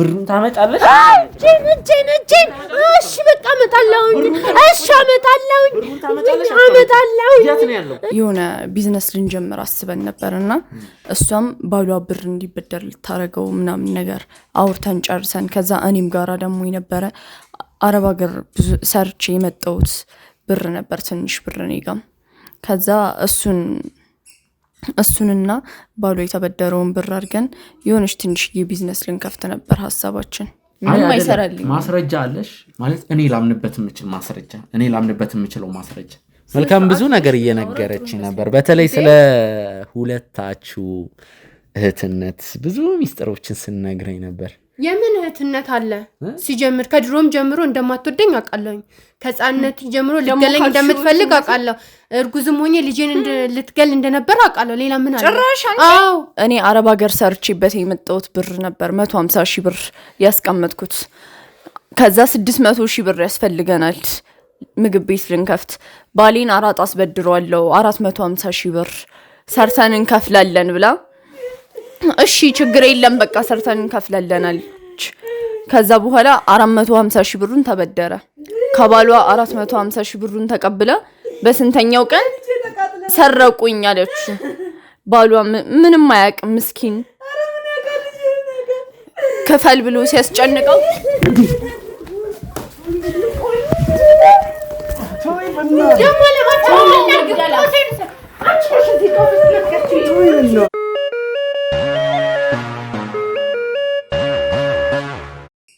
ብሩን ታመጣለች። እጄን እጄን እጄን። እሺ በቃ አመጣለሁኝ። እሺ አመጣለሁኝ፣ አመጣለሁኝ። የሆነ ቢዝነስ ልንጀምር አስበን ነበር እና እሷም ባሏ ብር እንዲበደር ልታደርገው ምናምን ነገር አውርተን ጨርሰን፣ ከዛ እኔም ጋራ ደግሞ የነበረ አረብ ሀገር ብዙ ሰርቼ የመጣሁት ብር ነበር፣ ትንሽ ብር እኔ ጋም ከዛ እሱን እሱንና ባሉ የተበደረውን ብር አድርገን የሆነች ትንሽዬ ቢዝነስ ልንከፍት ነበር ሀሳባችን። ምንም አይሰራልኝ። ማስረጃ አለሽ ማለት እኔ ላምንበት የምችል ማስረጃ እኔ ላምንበት የምችለው ማስረጃ መልካም ብዙ ነገር እየነገረች ነበር። በተለይ ስለ ሁለታችሁ እህትነት ብዙ ሚስጥሮችን ስነግረኝ ነበር። የምን እህትነት አለ ሲጀምር፣ ከድሮም ጀምሮ እንደማትወደኝ አውቃለሁኝ። ከህፃንነት ጀምሮ ልትገለኝ እንደምትፈልግ አውቃለሁ። እርጉዝም ሆኜ ልጄን ልትገል እንደነበር አውቃለሁ። ሌላ ምን አለ? ጭራሽ አዎ፣ እኔ አረብ ሀገር ሰርቼበት የመጣሁት ብር ነበር መቶ ሀምሳ ሺህ ብር ያስቀመጥኩት። ከዛ ስድስት መቶ ሺህ ብር ያስፈልገናል ምግብ ቤት ልንከፍት። ባሌን አራት አስበድሯለሁ አራት መቶ ሀምሳ ሺህ ብር ሰርተን እንከፍላለን ብላ እሺ ችግር የለም በቃ ሰርተን እንከፍለለናል። ከዛ በኋላ 450 ሺህ ብሩን ተበደረ። ከባሏ 450 ሺህ ብሩን ተቀብለ በስንተኛው ቀን ሰረቁኝ አለች። ባሏ ምንም ማያቅ ምስኪን ክፈል ብሎ ሲያስጨንቀው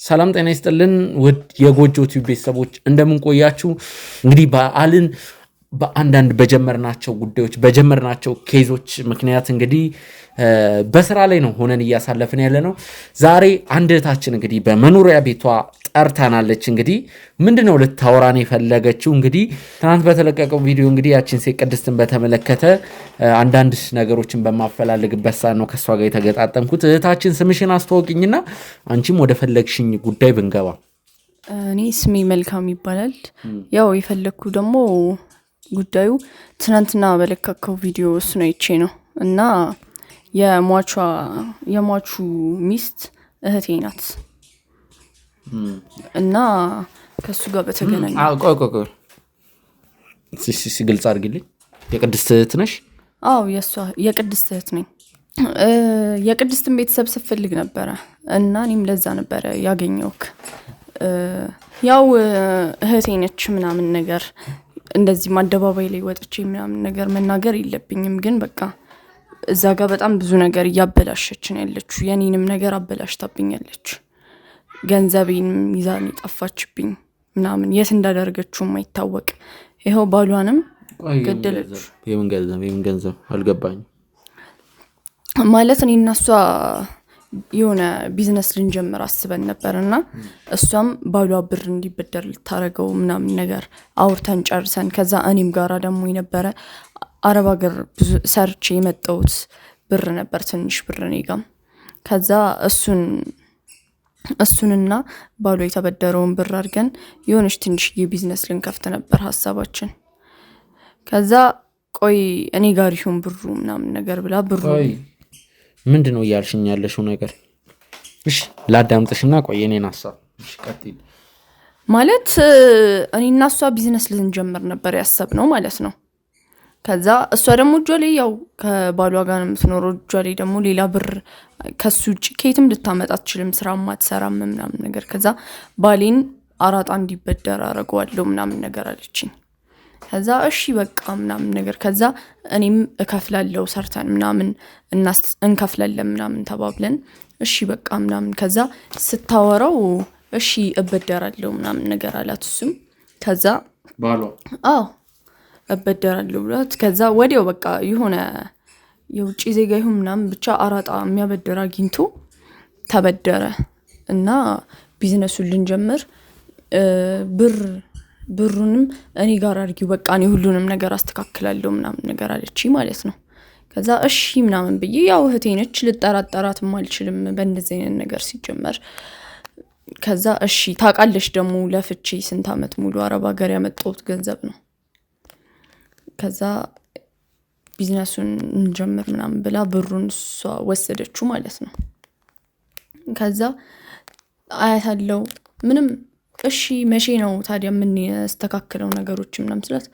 ሰላም ጤና ይስጥልን ውድ የጎጆ ቲዩብ ቤተሰቦች እንደምንቆያችሁ እንግዲህ በዓልን በአንዳንድ በጀመርናቸው ጉዳዮች በጀመርናቸው ኬዞች ምክንያት እንግዲህ በስራ ላይ ነው ሆነን እያሳለፍን ያለ ነው። ዛሬ አንድ እህታችን እንግዲህ በመኖሪያ ቤቷ ጠርታናለች። እንግዲህ ምንድን ነው ልታወራን የፈለገችው? እንግዲህ ትናንት በተለቀቀው ቪዲዮ እንግዲህ ያችን ሴት ቅድስትን በተመለከተ አንዳንድ ነገሮችን በማፈላልግበት ሳ ነው ከእሷ ጋር የተገጣጠምኩት። እህታችን ስምሽን አስተዋውቂኝና አንቺም ወደ ፈለግሽኝ ጉዳይ ብንገባ። እኔ ስሜ መልካም ይባላል። ያው የፈለግኩ ደግሞ ጉዳዩ ትናንትና በለቀቀው ቪዲዮ እሱን አይቼ ነው እና የሟቹ ሚስት እህቴ ናት እና ከሱ ጋር በተገናኘ ግልጽ አድርግልኝ። የቅድስት እህት ነሽ? የእሷ የቅድስት እህት ነኝ። የቅድስትን ቤተሰብ ስፈልግ ነበረ እና እኔም ለዛ ነበረ ያገኘውክ። ያው እህቴ ነች ምናምን ነገር እንደዚህም አደባባይ ላይ ወጥቼ ምናምን ነገር መናገር የለብኝም ግን በቃ እዛ ጋር በጣም ብዙ ነገር እያበላሸች ያለችው። የኔንም ነገር አበላሽታብኛለች። ገንዘቤንም ይዛን ይጠፋችብኝ ምናምን የት እንዳደረገችውም አይታወቅ። ይኸው ባሏንም ገደለች። ገንዘብ ማለት እኔ እናሷ የሆነ ቢዝነስ ልንጀምር አስበን ነበር እና እሷም ባሏ ብር እንዲበደር ልታደረገው ምናምን ነገር አውርተን ጨርሰን ከዛ እኔም ጋራ ደግሞ የነበረ አረብ ሀገር ብዙ ሰርቼ የመጣሁት ብር ነበር፣ ትንሽ ብር እኔ ጋ። ከዛ እሱን እሱንና ባሉ የተበደረውን ብር አድርገን የሆነች ትንሽዬ ቢዝነስ ልንከፍት ነበር ሀሳባችን። ከዛ ቆይ እኔ ጋር ይሁን ብሩ ምናምን ነገር ብላ ብሩ ምንድን ነው እያልሽኝ ያለሽው ነገር? እሺ ላዳምጥሽና ቆይ እኔን ሀሳብ ማለት እኔ እና እሷ ቢዝነስ ልንጀምር ነበር ያሰብነው ማለት ነው ከዛ እሷ ደግሞ እጇ ላይ ያው ከባሏ ጋር ነው የምትኖረው። እጇ ላይ ደግሞ ሌላ ብር ከሱ ውጭ ከየትም ልታመጣ አትችልም። ስራ አትሰራም ምናምን ነገር ከዛ ባሌን አራጣ እንዲበደር አረገዋለሁ ምናምን ነገር አለችኝ። ከዛ እሺ በቃ ምናምን ነገር ከዛ እኔም እከፍላለው ሰርተን ምናምን እንከፍላለን ምናምን ተባብለን እሺ በቃ ምናምን ከዛ ስታወራው እሺ እበደራለው ምናምን ነገር አላት። እሱም ከዛ አዎ እበደራለሁ ብሏት ከዛ ወዲያው በቃ የሆነ የውጭ ዜጋ ይሁን ምናምን ብቻ አራጣ የሚያበደር አግኝቶ ተበደረ እና ቢዝነሱን ልንጀምር ብር ብሩንም እኔ ጋር አድርጊው በቃ እኔ ሁሉንም ነገር አስተካክላለሁ ምናምን ነገር አለች ማለት ነው። ከዛ እሺ ምናምን ብዬ ያው እህቴ ነች ልጠራጠራትም አልችልም በእንደዚህ አይነት ነገር ሲጀመር። ከዛ እሺ ታውቃለች ደግሞ ለፍቼ ስንት ዓመት ሙሉ አረብ ሀገር ያመጣሁት ገንዘብ ነው ከዛ ቢዝነሱን እንጀምር ምናምን ብላ ብሩን እሷ ወሰደችው ማለት ነው። ከዛ አያታለው ምንም እሺ፣ መቼ ነው ታዲያ የምንስተካክለው ነገሮች ምናምን ስላት፣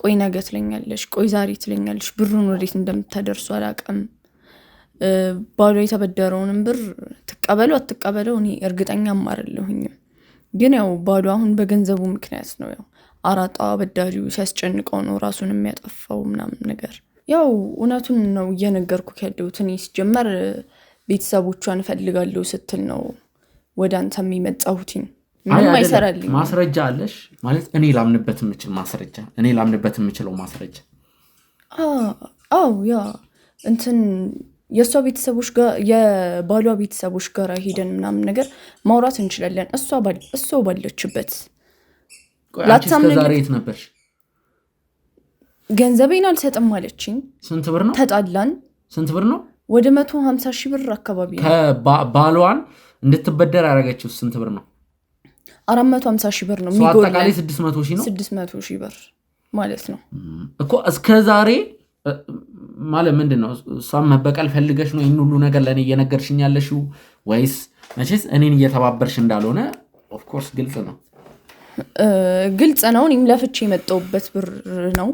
ቆይ ነገ ትለኛለሽ፣ ቆይ ዛሬ ትለኛለሽ፣ ብሩን ወዴት እንደምታደርሱ አላውቅም፣ ባሏ የተበደረውንም ብር ትቀበለው አትቀበለው እኔ እርግጠኛ አማርለሁኝም፣ ግን ያው ባሏ አሁን በገንዘቡ ምክንያት ነው ያው አራጣ አበዳሪው ሲያስጨንቀው ነው ራሱን የሚያጠፋው ምናምን ነገር። ያው እውነቱን ነው እየነገርኩ ያለሁት። እኔ ሲጀመር ቤተሰቦቿን እፈልጋለሁ ስትል ነው ወደ አንተ የሚመጣሁትኝ። ምንም አይሰራልኝ። ማስረጃ አለሽ ማለት እኔ ላምንበት የምችል ማስረጃ፣ እኔ ላምንበት የምችለው ማስረጃ። አዎ ያ እንትን የእሷ ቤተሰቦች ጋር የባሏ ቤተሰቦች ጋር ሄደን ምናምን ነገር ማውራት እንችላለን እሷ ባለችበት ዛሬ የት ነበርሽ? ገንዘቤን አልሰጥም አለችኝ። ስንት ብር ነው? ተጣላን። ስንት ብር ነው? ወደ መቶ ሀምሳ ሺህ ብር አካባቢ ባሏን እንድትበደር ያደረገችው ስንት ብር ነው? አራት መቶ ሀምሳ ሺህ ብር ነው። አጠቃላይ ስድስት መቶ ሺህ ነው። ስድስት መቶ ሺህ ብር ማለት ነው እኮ እስከ ዛሬ ማለት ምንድን ነው? እሷን መበቀል ፈልገሽ ነው ይህን ሁሉ ነገር ለእኔ እየነገርሽኝ ያለሽው? ወይስ መቼስ እኔን እየተባበርሽ እንዳልሆነ ኦፍኮርስ ግልጽ ነው። ግልጽ ነው። እኔም ለፍቼ የመጣውበት ብር ነው።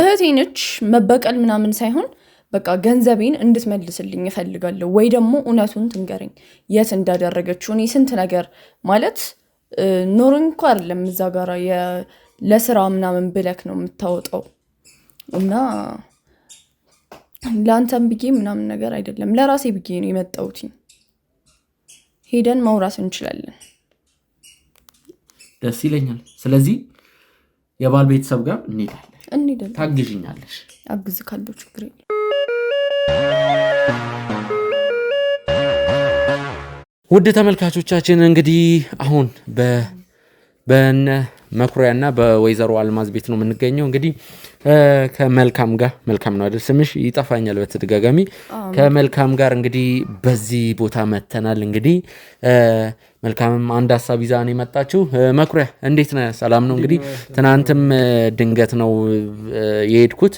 እህቴ ነች። መበቀል ምናምን ሳይሆን በቃ ገንዘቤን እንድትመልስልኝ እፈልጋለሁ፣ ወይ ደግሞ እውነቱን ትንገረኝ የት እንዳደረገችው። እኔ ስንት ነገር ማለት ኖሮኝ እኮ አይደለም እዛ ጋራ ለስራ ምናምን ብለክ ነው የምታወጣው እና ለአንተም ብዬ ምናምን ነገር አይደለም፣ ለራሴ ብዬ ነው የመጣውቲ ሄደን መውራት እንችላለን። ደስ ይለኛል። ስለዚህ የባል ቤተሰብ ጋር እንሄዳለን ታግዥኛለሽ? አግዝ ካለው ችግር ውድ ተመልካቾቻችን እንግዲህ አሁን በነ መኩሪያ መኩሪያና በወይዘሮ አልማዝ ቤት ነው የምንገኘው። እንግዲህ ከመልካም ጋር መልካም ነው አይደል ስምሽ? ይጠፋኛል በተደጋጋሚ ከመልካም ጋር እንግዲህ በዚህ ቦታ መተናል እንግዲህ መልካምም አንድ ሀሳብ ይዛ ነው የመጣችው። መኩሪያ እንዴት ነህ? ሰላም ነው? እንግዲህ ትናንትም ድንገት ነው የሄድኩት።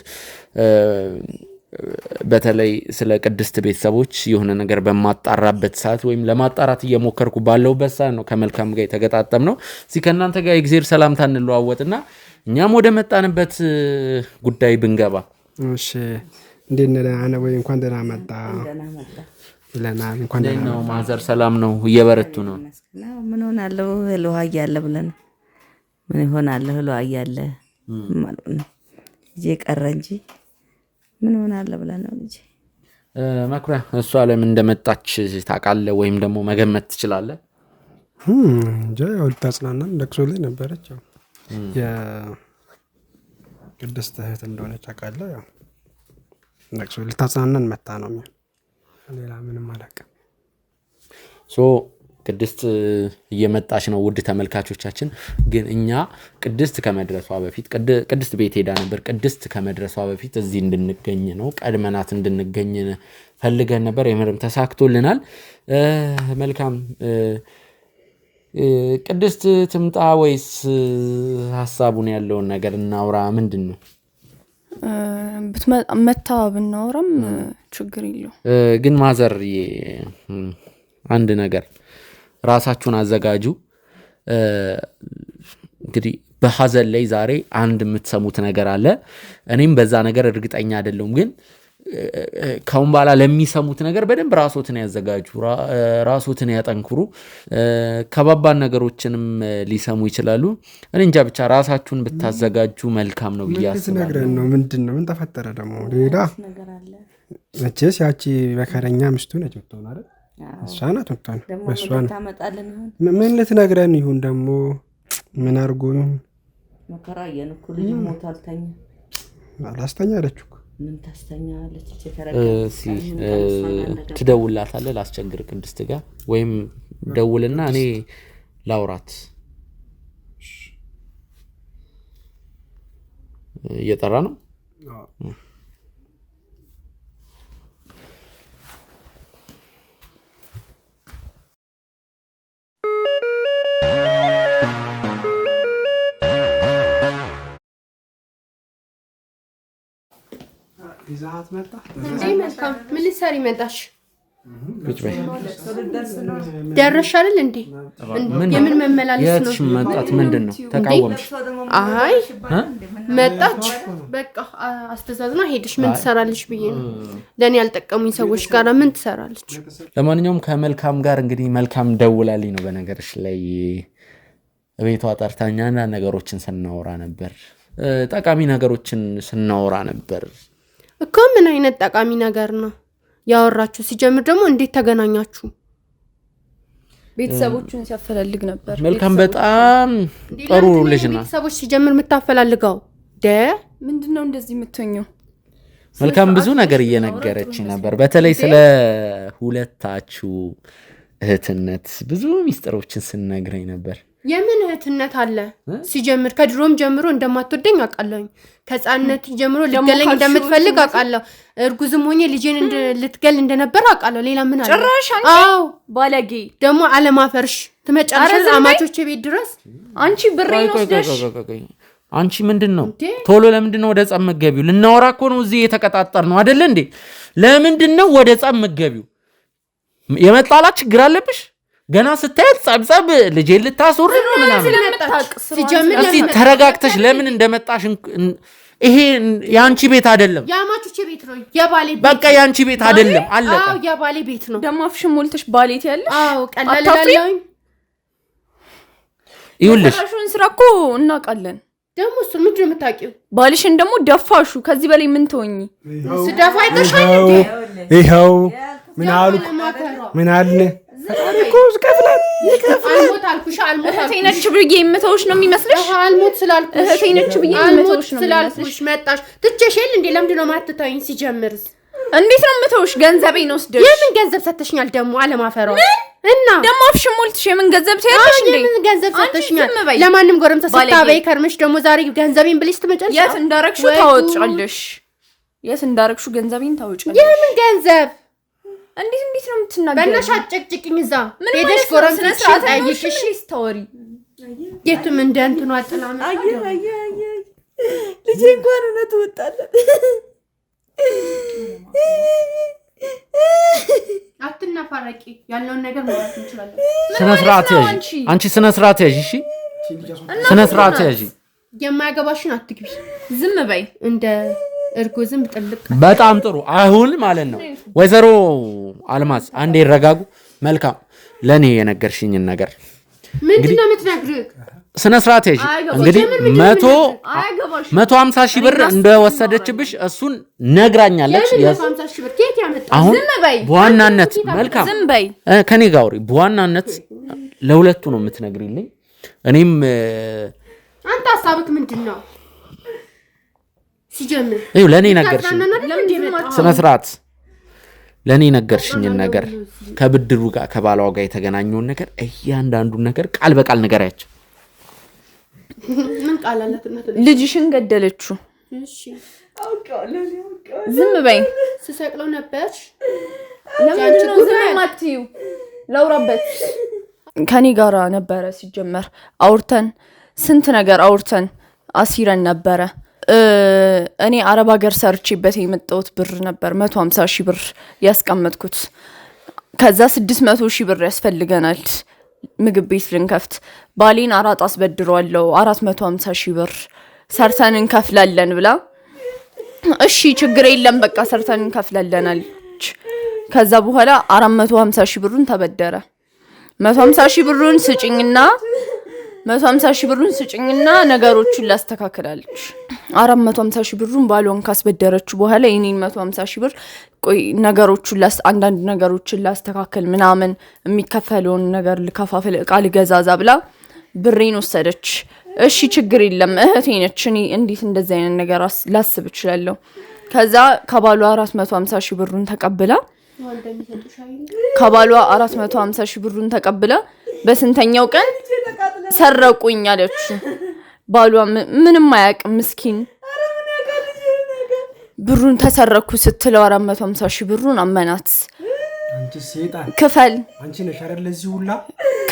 በተለይ ስለ ቅድስት ቤተሰቦች የሆነ ነገር በማጣራበት ሰዓት ወይም ለማጣራት እየሞከርኩ ባለሁበት ሰዓት ነው ከመልካም ጋር የተገጣጠም ነው። እዚህ ከእናንተ ጋር የእግዜር ሰላምታ እንለዋወጥና እኛም ወደ መጣንበት ጉዳይ ብንገባ እንዴት ነህ? ወይ? እንኳን ደህና መጣ ይለናል። እንኳን ነው ማዘር ሰላም ነው እየበረቱ ነው። ምን ሆናለሁ እህል ውሃ እያለ ብለን ምን ይሆናለሁ እህል ውሃ እያለ ማለት ነው ልጄ ቀረ እንጂ ምን ሆናለሁ ብለን ነው ልጄ መኩሪያ እሷ ለምን እንደመጣች ታውቃለህ? ወይም ደግሞ መገመት ትችላለህ? እንጃ ያው ልታጽናናን ለቅሶ ላይ ነበረች። ያው የቅድስት እህት እንደሆነች ታውቃለህ። ያው ለቅሶ ልታጽናናን መታ ነው የሚሆን ሌላ ምንም አላውቅም። ሶ ቅድስት እየመጣች ነው። ውድ ተመልካቾቻችን ግን እኛ ቅድስት ከመድረሷ በፊት ቅድስት ቤት ሄዳ ነበር። ቅድስት ከመድረሷ በፊት እዚህ እንድንገኝ ነው ቀድመናት እንድንገኝ ፈልገን ነበር። የምርም ተሳክቶልናል። መልካም ቅድስት ትምጣ ወይስ ሀሳቡን ያለውን ነገር እናውራ? ምንድን ነው መታ ብናወራም ችግር የለው። ግን ማዘር አንድ ነገር ራሳችሁን አዘጋጁ። እንግዲህ በሀዘን ላይ ዛሬ አንድ የምትሰሙት ነገር አለ። እኔም በዛ ነገር እርግጠኛ አይደለሁም ግን ካሁን በኋላ ለሚሰሙት ነገር በደንብ ራሶትን ያዘጋጁ፣ ራሶትን ያጠንክሩ። ከባባድ ነገሮችንም ሊሰሙ ይችላሉ። እኔ እንጃ ብቻ ራሳችሁን ብታዘጋጁ መልካም ነው ብዬ አስባለሁ። ነው ምንድን ነው ምን ተፈጠረ ደግሞ ሌላ? መቼስ ያቺ መከረኛ ምስቱ ነች ብትሆን አይደል? እሷ ናት ብትሆን እሷ ምን ልትነግረን ይሁን ደግሞ ምን አድርጎ ይሁን መከራ የንኩ ልጅ ሞት አልተኛ አላስተኛ አለችው ምን ታስተኛለች? ትደውልላታለህ፣ ላስቸግር ቅድስት ጋር ወይም ደውልና እኔ ላውራት እየጠራ ነው። ይዛት መጣ። ምን ልትሰሪ መጣሽ? ደረሽ እንዴ? የምን መመላለስ ነው? መጣት ምንድን ነው? ተቃወምሽ? አይ መጣች፣ በቃ አስተዛዝና ሄደች ምን ትሰራለች ብዬ ነው። ለእኔ ያልጠቀሙኝ ሰዎች ጋር ምን ትሰራለች? ለማንኛውም ከመልካም ጋር እንግዲህ መልካም ደውላልኝ ነው። በነገርሽ ላይ ቤቷ ጠርታኛ አንዳንድ ነገሮችን ስናወራ ነበር፣ ጠቃሚ ነገሮችን ስናወራ ነበር። እኮ ምን አይነት ጠቃሚ ነገር ነው ያወራችሁ? ሲጀምር ደግሞ እንዴት ተገናኛችሁ? ቤተሰቦቹን ሲያፈላልግ ነበር። መልካም፣ በጣም ጥሩ ልጅ ነው። ቤተሰቦች ሲጀምር የምታፈላልገው ደ ምንድን ነው እንደዚህ የምትኘው? መልካም ብዙ ነገር እየነገረች ነበር። በተለይ ስለ ሁለታችሁ እህትነት ብዙ ሚስጥሮችን ስነግረኝ ነበር። የምን እህትነት አለ ሲጀምር? ከድሮም ጀምሮ እንደማትወደኝ አውቃለሁኝ። ከህፃንነት ጀምሮ ልትገለኝ እንደምትፈልግ አውቃለሁ። እርጉዝም ሆኜ ልጄን ልትገል እንደነበር አውቃለሁ። ሌላ ምን አለ? ጭራሽ አዎ፣ ባለጌ ደግሞ አለማፈርሽ ትመጫለሽ አማቾች ቤት ድረስ አንቺ ብሬን ወስደሽ አንቺ ምንድን ነው ቶሎ ለምንድን ነው ወደ ጸብ መገቢው? ልናወራ እኮ ነው እዚህ የተቀጣጠር ነው አደለ እንዴ? ለምንድን ነው ወደ ጸብ መገቢው? የመጣላት ችግር አለብሽ? ገና ስታየት ጸብጸብ ልጄ ልታስወር ነው ምናምን። ተረጋግተሽ ለምን እንደመጣሽ ይሄ የአንቺ ቤት አይደለም፣ በቃ የአንቺ ቤት አይደለም፣ አለቀ። የባሌ ቤት ነው። ደግሞ አፍሽን ሞልተሽ ባሌት ያለሽ ይኸውልሽ፣ ስራ እኮ እናውቃለን። ደግሞ እሱ ምንድን ነው የምታውቂው? ባልሽን ደግሞ ደፋሹ። ከዚህ በላይ ምን ትሆኚ? ስደፋ ይኸው ምን አሉ ምን አለ ፈጣሪ እኮ ይከፍላል ይከፍላል። ነች ብዬ የምተውሽ ነው የሚመስልሽ? አልሞት ስላልኩሽ ስላልኩሽ መጣሽ ትቼሽ እንዴ? ለምንድን ነው ማትታይኝ? ሲጀምርስ እንዴት ነው የምተውሽ? ገንዘቤን ወስደሽ የምን ገንዘብ ሰተሽኛል? ደግሞ አለማፈሯ እና ደግሞ አፍሽ ሞልትሽ የምን ገንዘብ ትያለሽ እንዴ? የምን ገንዘብ ሰተሽኛል? ለማንም ጎረምሳ ስታበይ ከርምሽ ደግሞ ዛሬ ገንዘቤን ብለሽ ትመጫለሽ። የት እንዳረግሽው ታወጫለሽ። የት እንዳረግሽው ገንዘቤን ታወጫለሽ። የምን ገንዘብ እንዴት እንዴት ነው የምትናገረው? በእናትሽ አትጨቅጭቅኝ። እዛ ሄደሽ ጎረምሶችን ጠይቅሽ። ስታወሪ የቱም እንደ እንትኑ አጥናም ልጄ እንኳን እውነት ወጣለት። አትናፋረቂ። ያለውን ነገር ማለት እንችላለን። ስነ ስርዓት ያዥ አንቺ፣ ስነ ስርዓት ያዥ እሺ፣ ስነ ስርዓት ያዥ። የማያገባሽን አትግቢ፣ ዝም በይ። እንደ እርጎ ዝም ጥልቅ። በጣም ጥሩ። አሁን ማለት ነው ወይዘሮ አልማዝ አንድ ይረጋጉ። መልካም ለእኔ የነገርሽኝን ነገር ስነ ስርዓት ያዥ። እንግዲህ መቶ መቶ ሀምሳ ሺህ ብር እንደወሰደችብሽ እሱን ነግራኛለች። አሁን በዋናነት መልካም ከኔ ጋር አውሪ። በዋናነት ለሁለቱ ነው የምትነግሪልኝ። እኔም አንተ ሀሳብህ ምንድን ነው ሲጀምር ለእኔ ነገርሽ ስነ ስርዓት ለእኔ ነገርሽኝን ነገር ከብድሩ ጋር ከባሏ ጋር የተገናኘውን ነገር እያንዳንዱን ነገር ቃል በቃል ንገሪያቸው። ልጅሽን ገደለችው። ዝም በይ። ስሰቅለው ነበር። ከኔ ጋራ ነበረ ሲጀመር። አውርተን ስንት ነገር አውርተን አሲረን ነበረ እኔ አረብ ሀገር ሰርቼበት የመጣሁት ብር ነበር መቶ ሀምሳ ሺህ ብር ያስቀመጥኩት። ከዛ ስድስት መቶ ሺህ ብር ያስፈልገናል ምግብ ቤት ልንከፍት። ባሌን አራት አስበድሯለሁ አራት መቶ ሀምሳ ሺህ ብር ሰርተን እንከፍላለን ብላ እሺ ችግር የለም በቃ ሰርተን እንከፍላለናለች። ከዛ በኋላ አራት መቶ ሀምሳ ሺህ ብሩን ተበደረ። መቶ ሀምሳ ሺህ ብሩን ስጭኝና መቶ ሀምሳ ሺህ ብሩን ስጭኝና ነገሮቹን ላስተካክላለች። አራት መቶ ሀምሳ ሺህ ብሩን ባሏን ካስበደረችው በኋላ የኔን መቶ ሀምሳ ሺህ ብር ቆይ ነገሮቹን አንዳንድ ነገሮችን ላስተካክል ምናምን የሚከፈለውን ነገር ልከፋፍል፣ እቃ ልገዛዛ ብላ ብሬን ወሰደች። እሺ ችግር የለም እህቴ ነች፣ እኔ እንዴት እንደዚህ አይነት ነገር ላስብ እችላለሁ? ከዛ ከባሏ አራት መቶ ሀምሳ ሺህ ብሩን ተቀብላ ከባሏ አራት መቶ ሀምሳ ሺህ ብሩን ተቀብላ በስንተኛው ቀን ሰረቁኝ አለች። ባሏ ምንም አያውቅም ምስኪን ብሩን ተሰረኩ ስትለው አራት መቶ ሀምሳ ሺህ ብሩን አመናት። ክፈል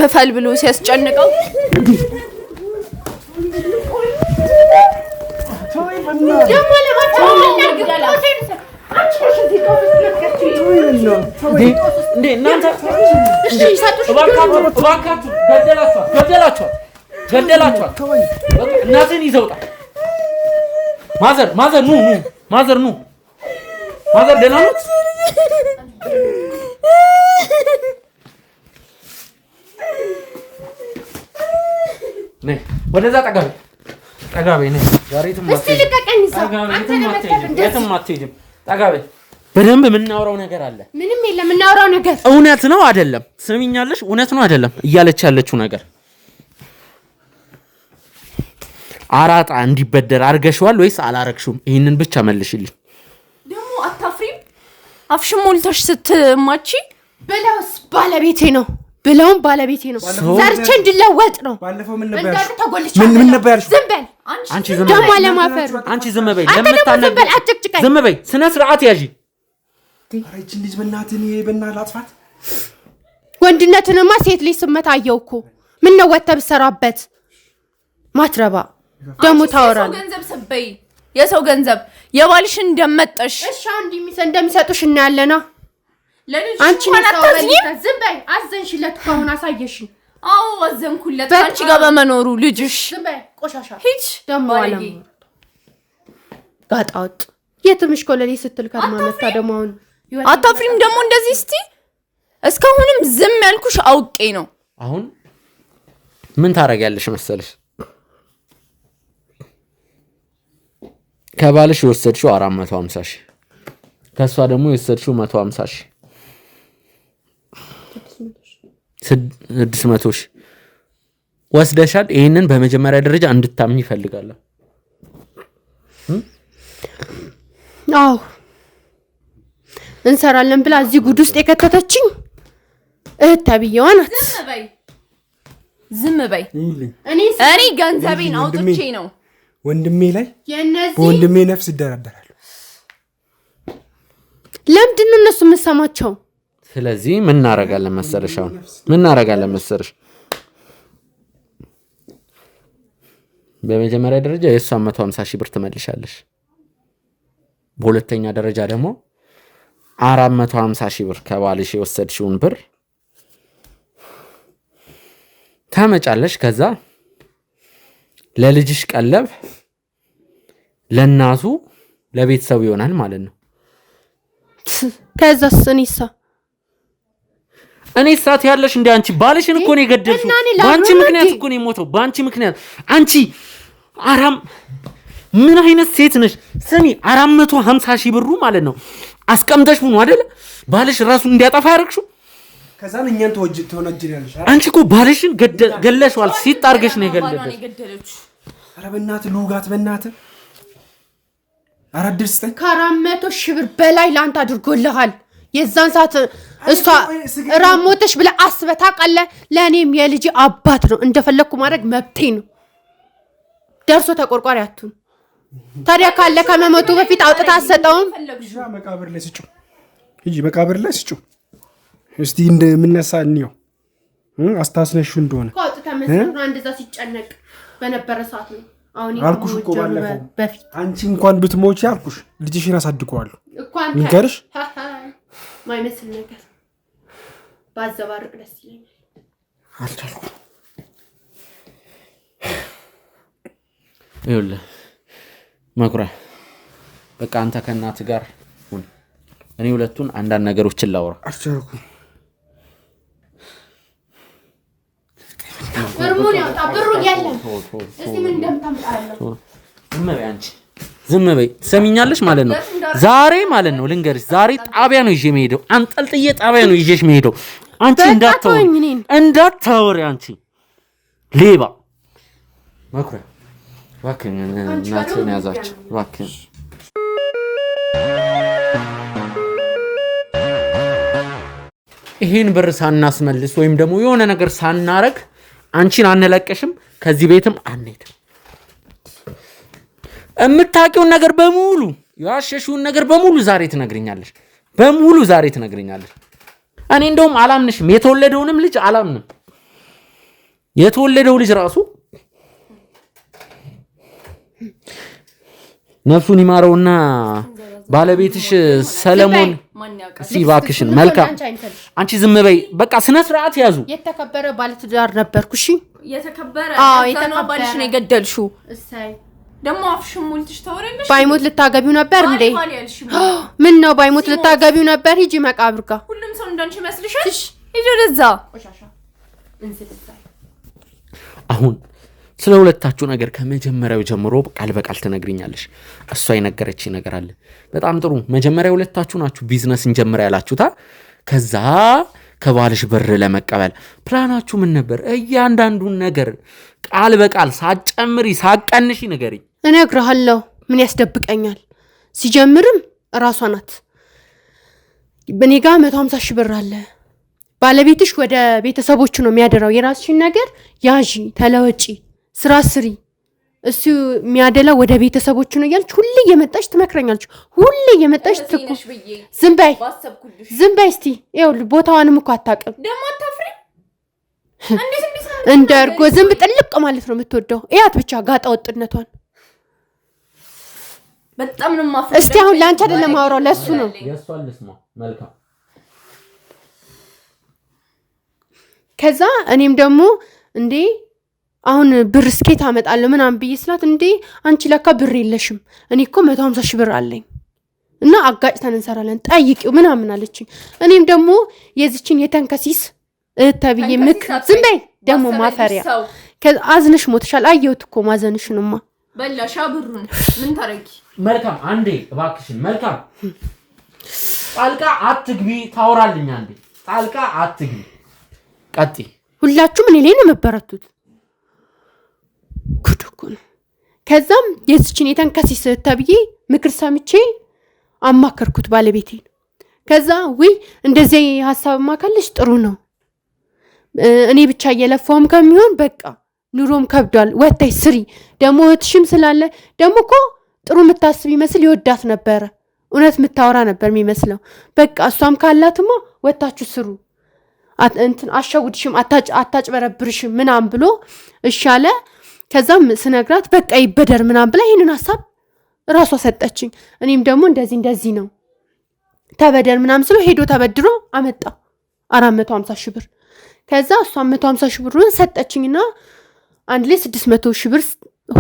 ክፈል ብሎ ሲያስጨንቀው እናትን ይዘውጣል። ማዘር ማዘር ኑ ኑ ማዘር ኑ ማዘር ደህና ናት። ነይ ወደዛ ጠጋ በይ ነይ። ዛሬ የትም አትሄጂም። በደንብ የምናወራው ነገር አለ። ምንም የለም። የምናወራው ነገር እውነት ነው አይደለም? ስምኛለሽ፣ እውነት ነው አይደለም? እያለች ያለችው ነገር አራጣ እንዲበደር አርገሽዋል ወይስ አላረግሽውም? ይህንን ብቻ መልሽልኝ። ደግሞ አታፍሪም? አፍሽን ሞልተሽ ስትማቺ በላውስ ባለቤቴ ነው ብለውም ባለቤቴ ነው ዘርቼ እንድለወጥ ነው። ምን ነበር ያልሽው? ዝም በል አንቺ፣ ዝም በል ደግሞ ለማፈር አንቺ፣ ዝም በይ አንተ ደግሞ አጭቅጭቀኝ፣ ዝም በይ ስነ ስርዓት ያዢ። ኧረ ይህቺን ልጅ በእናትህ በእናትህ ላጥፋት። ወንድነትንማ ሴት ልጅ ስመት አየው እኮ ምን ነው ወተህ ብትሰራበት ማትረባ ደግሞ ታወራለህ። ገንዘብ ስበይ የሰው ገንዘብ የባልሽን እንደመጠሽ እሺ፣ እንደሚሰጡሽ እናያለና አንቺ አታዝኝም? ዝም በይ። አዘንሽለት እኮ አሁን አሳየሽን። አዎ አዘንኩለት በአንቺ ጋር በመኖሩ ልጅሽ። ዝም በይ ቆሻሻ። ሂጅ ደግሞ አለም ጋጣ ወጥ የትምሽ ኮለሌ ስትል ከርማ መታ ደግሞ አሁን አታፍሪም ደግሞ እንደዚህ እስቲ እስካሁንም ዝም ያልኩሽ አውቄ ነው። አሁን ምን ታደርጊያለሽ መሰለሽ ከባልሽ የወሰድሽው አራት መቶ ሀምሳ ሺህ ከእሷ ደግሞ የወሰድሽው መቶ ሀምሳ ሺህ ስድስት መቶ ሺህ ወስደሻል። ይህንን በመጀመሪያ ደረጃ እንድታምኝ ይፈልጋለሁ። አዎ እንሰራለን ብላ እዚህ ጉድ ውስጥ የከተተችኝ እህት ተብዬዋ ናት። ዝም በይ። እኔ ገንዘቤን አውጥቼ ነው ወንድሜ ላይ በወንድሜ ነፍስ ይደራደራሉ። ለምንድን ነው እነሱ የምሰማቸው? ስለዚህ ምን እናደርጋለን መሰለሽ? አሁን ምን እናደርጋለን መሰለሽ? በመጀመሪያ ደረጃ የእሷን መቶ ሀምሳ ሺህ ብር ትመልሻለሽ። በሁለተኛ ደረጃ ደግሞ አራት መቶ ሀምሳ ሺህ ብር ከባልሽ የወሰድሽውን ብር ታመጫለሽ። ከዛ ለልጅሽ ቀለብ ለእናቱ ለቤተሰቡ ይሆናል ማለት ነው። ከዛ ስኒሳ እኔ ሳት ያለሽ እንደ አንቺ ባልሽን እኮ ነው የገደልሽው። በአንቺ ምክንያት እኮ ነው የሞተው። በአንቺ ምክንያት አንቺ አራም ምን አይነት ሴት ነሽ? ስሚ አራት መቶ ሀምሳ ሺህ ብሩ ማለት ነው አስቀምጠሽ ሁኑ አደለ ባልሽ ራሱን እንዲያጠፋ ያደረግሽው። ከዛን እኛን ተወነጅልሽ። አንቺ እኮ ባልሽን ገለሸዋል። ሲጥ አርገሽ ነው የገለደሽ። ኧረ በእናትህ ልውጋት፣ በእናትህ አራት ድርስተን ከአራት መቶ ሺህ ብር በላይ ለአንተ አድርጎልሃል። የዛን ሰዓት እሷ ራሞተሽ ብለ አስበህ ታውቃለህ? ለእኔም የልጅ አባት ነው፣ እንደፈለግኩ ማድረግ መብቴ ነው። ደርሶ ተቆርቋሪ አትሁን። ታዲያ ካለ ከመሞቱ በፊት አውጥታ አሰጠውም። መቃብር ላይ ስጩ ሂጂ፣ መቃብር ላይ ስጩ። እስቲ እንደምነሳ እንየው። አስታስነሹ እንደሆነ እንደዛ ሲጨነቅ በነበረ ሰዓት ነው። አልኩሽ እኮ ባለፈው አንቺ እንኳን ብትሞቺ አልኩሽ ልጅሽን አሳድገዋለሁ ንገርሽ ማይመስል ነገር ባዘባርቅ ደስ ይለኛል። አልቻልኩም። ይኸውልህ መኩሪያ፣ በቃ አንተ ከእናትህ ጋር ሁን። እኔ ሁለቱን አንዳንድ ነገሮችን ላውራ። አልቻልኩም። ብሩን ያውጣ፣ ብሩን ያለን እስኪ ምን እንደምታምጣ ያለው ዝም በይ ትሰሚኛለሽ ማለት ነው። ዛሬ ማለት ነው ልንገርሽ፣ ዛሬ ጣቢያ ነው ይዤ መሄደው፣ አንጠልጥዬ ጣቢያ ነው ይዤሽ መሄደው። አንቺ እንዳታወሪ እንዳታወሪ፣ አንቺ ሌባ መኩሪያ፣ እባክህን እናትህን ያዛቸው እባክህን። ይሄን ብር ሳናስመልስ ወይም ደግሞ የሆነ ነገር ሳናረግ አንቺን አንለቀሽም፣ ከዚህ ቤትም አንሄድም። የምታውቂውን ነገር በሙሉ የዋሸሽውን ነገር በሙሉ ዛሬ ትነግርኛለሽ። በሙሉ ዛሬ ትነግርኛለሽ። እኔ እንደውም አላምንሽም። የተወለደውንም ልጅ አላምንም። የተወለደው ልጅ ራሱ ነፍሱን ይማረውና ባለቤትሽ ሰለሞን እስኪ እባክሽን፣ መልካም አንቺ ዝም በይ። በቃ ስነ ስርዓት ያዙ። የተከበረ ባለትዳር ነበርኩ። እሺ፣ የተከበረ ባልሽ ነው የገደልሽው። ደግሞ አፍሽን ሞልትሽ ታወሪያለሽ። ባይሞት ልታገቢው ነበር እንዴ? ምን ነው ባይሞት ልታገቢው ነበር? ሂጂ መቃብር ጋር። ሁሉም ሰው እንዳንቺ ይመስልሻል? ሂጂ ወደዛ። አሁን ስለ ሁለታችሁ ነገር ከመጀመሪያው ጀምሮ ቃል በቃል ትነግሪኛለሽ። እሷ የነገረች ነገር አለ። በጣም ጥሩ። መጀመሪያ ሁለታችሁ ናችሁ ቢዝነስ እንጀምር ያላችሁታ። ከዛ ከባልሽ ብር ለመቀበል ፕላናችሁ ምን ነበር? እያንዳንዱን ነገር ቃል በቃል ሳጨምሪ ሳቀንሺ ንገሪኝ። እነግርሃለሁ። ምን ያስደብቀኛል? ሲጀምርም እራሷ ናት። እኔ ጋ መቶ ሀምሳ ሺህ ብር አለ። ባለቤትሽ ወደ ቤተሰቦቹ ነው የሚያደራው። የራስሽን ነገር ያዢ፣ ተለወጪ፣ ስራ ስሪ። እሱ የሚያደላው ወደ ቤተሰቦቹ ነው እያለች ሁሌ እየመጣች ትመክረኛለች። ሁሌ እየመጣች ትኩ ዝም በይ ዝም በይ እስቲ ይኸውልህ፣ ቦታዋንም እኮ አታውቅም። እንደ እርጎ ዝንብ ጥልቅ ማለት ነው የምትወደው። እያት ብቻ ጋጣ ወጥነቷን በጣም ነው ማፈ እስቲ አሁን ላንቺ አይደለም ማውራው ለሱ ነው። የሷን ልስማ። መልካም ከዛ እኔም ደግሞ እንዴ አሁን ብር ስኬት አመጣለሁ ምናምን ብዬ ስላት እንዴ አንቺ ለካ ብር የለሽም እኔ እኮ መቶ ሀምሳ ሺህ ብር አለኝ እና አጋጭተን እንሰራለን ጠይቂው ምናምን አለችኝ። እኔም ደግሞ የዚችን የተንከሲስ እህት ምክ ዝም በይ ደግሞ ማፈሪያ አዝነሽ ሞትሻል። አየሁት እኮ ማዘንሽንማ በላሻ ብሩን ምን ታረጊ መልካም አንዴ እባክሽን፣ መልካም ጣልቃ አትግቢ። ታውራልኝ አንዴ ጣልቃ አትግቢ። ቀጥ ሁላችሁም እኔ ላይ ነው የምበረቱት። ጉድ እኮ ነው። ከዛም የስችን የተንከሲስ ተብዬ ምክር ሰምቼ አማከርኩት ባለቤቴ። ከዛ ውይ እንደዚህ ሀሳብ ማካለሽ ጥሩ ነው። እኔ ብቻ እየለፋውም ከሚሆን በቃ ኑሮም ከብዷል። ወታይ ስሪ ደግሞ እህትሽም ስላለ ደግሞ እኮ ጥሩ የምታስብ ይመስል ይወዳት ነበረ። እውነት የምታወራ ነበር የሚመስለው። በቃ እሷም ካላትማ ወታችሁ ስሩ እንትን አሻጉድሽም አታጭበረብርሽም ምናም ብሎ እሻለ። ከዛም ስነግራት በቃ ይበደር ምናም ብላ ይህንን ሀሳብ እራሷ ሰጠችኝ። እኔም ደግሞ እንደዚህ እንደዚህ ነው ተበደር ምናም ስለው ሄዶ ተበድሮ አመጣ አራት መቶ ሀምሳ ሺህ ብር። ከዛ እሷ መቶ ሀምሳ ሺህ ብሩን ሰጠችኝና አንድ ላይ ስድስት መቶ ሺህ ብር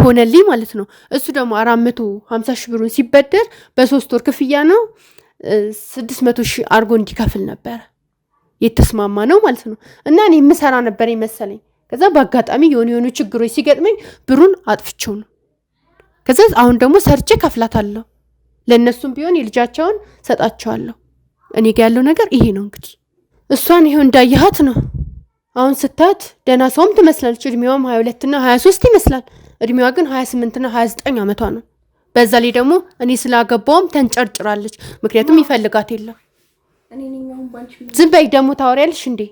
ሆነልኝ ማለት ነው። እሱ ደግሞ አራት መቶ ሀምሳ ሺህ ብሩን ሲበደር በሶስት ወር ክፍያ ነው ስድስት መቶ ሺህ አድርጎ እንዲከፍል ነበረ የተስማማ ነው ማለት ነው። እና እኔ የምሰራ ነበር መሰለኝ። ከዛ በአጋጣሚ የሆኑ የሆኑ ችግሮች ሲገጥመኝ ብሩን አጥፍቼው ነው። ከዛ አሁን ደግሞ ሰርቼ ከፍላታለሁ። ለእነሱም ቢሆን የልጃቸውን ሰጣቸዋለሁ። እኔ ጋ ያለው ነገር ይሄ ነው። እንግዲህ እሷን ይሄው እንዳየሃት ነው። አሁን ስታት ደህና ሰውም ትመስላለች። እድሜዋም ሀያ ሁለትና ሀያ ሶስት ይመስላል። እድሜዋ ግን 28ና 29 ዓመቷ ነው። በዛ ላይ ደግሞ እኔ ስላገባውም ተንጨርጭራለች። ምክንያቱም ይፈልጋት የለም። ዝም በይ ደግሞ ታወሪያለሽ እንዴ?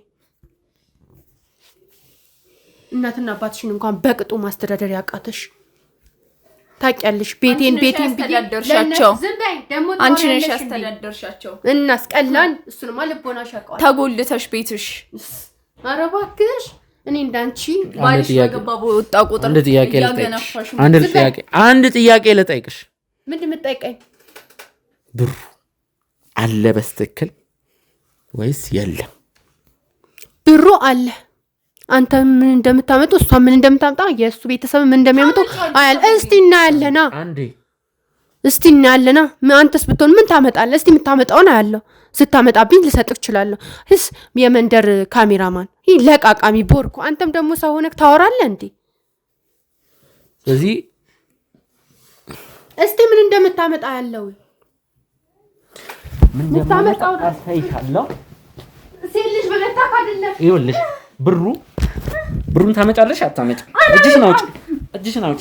እናትና አባትሽን እንኳን በቅጡ ማስተዳደር ያቃተሽ ታውቂያለሽ። ቤቴን ቤቴን ያስተዳደርሻቸው አንቺ ነሽ ያስተዳደርሻቸው። እናስቀላን እሱንማ ልቦናሽ ያውቀዋል። ተጎልተሽ ቤትሽ አረባክሽ እኔ እንዳንቺ ባልሽ ገባ በወጣ ቁጥር አንድ ጥያቄ አንድ ጥያቄ ልጠይቅሽ። ምንድ ምጠይቀኝ? ብሩ አለ በስትክል ወይስ የለም? ብሩ አለ። አንተ ምን እንደምታመጡ እሷ ምን እንደምታምጣ የእሱ ቤተሰብ ምን እንደሚያመጡ አያል። እስቲ እናያለና አንዴ እስቲ እናያለና አንተስ ብትሆን ምን ታመጣለህ? እስቲ የምታመጣውን አያለሁ። ስታመጣብኝ ልሰጥህ እችላለሁ። ስ የመንደር ካሜራማን ይህ ለቃቃሚ ቦርኩ። አንተም ደግሞ ሰው ሆነህ ታወራለህ እንዴ? ስለዚህ እስቲ ምን እንደምታመጣ ያለው ብሩ ብሩን ታመጫለሽ አታመጭ? እጅሽን አውጪ፣ እጅሽን አውጪ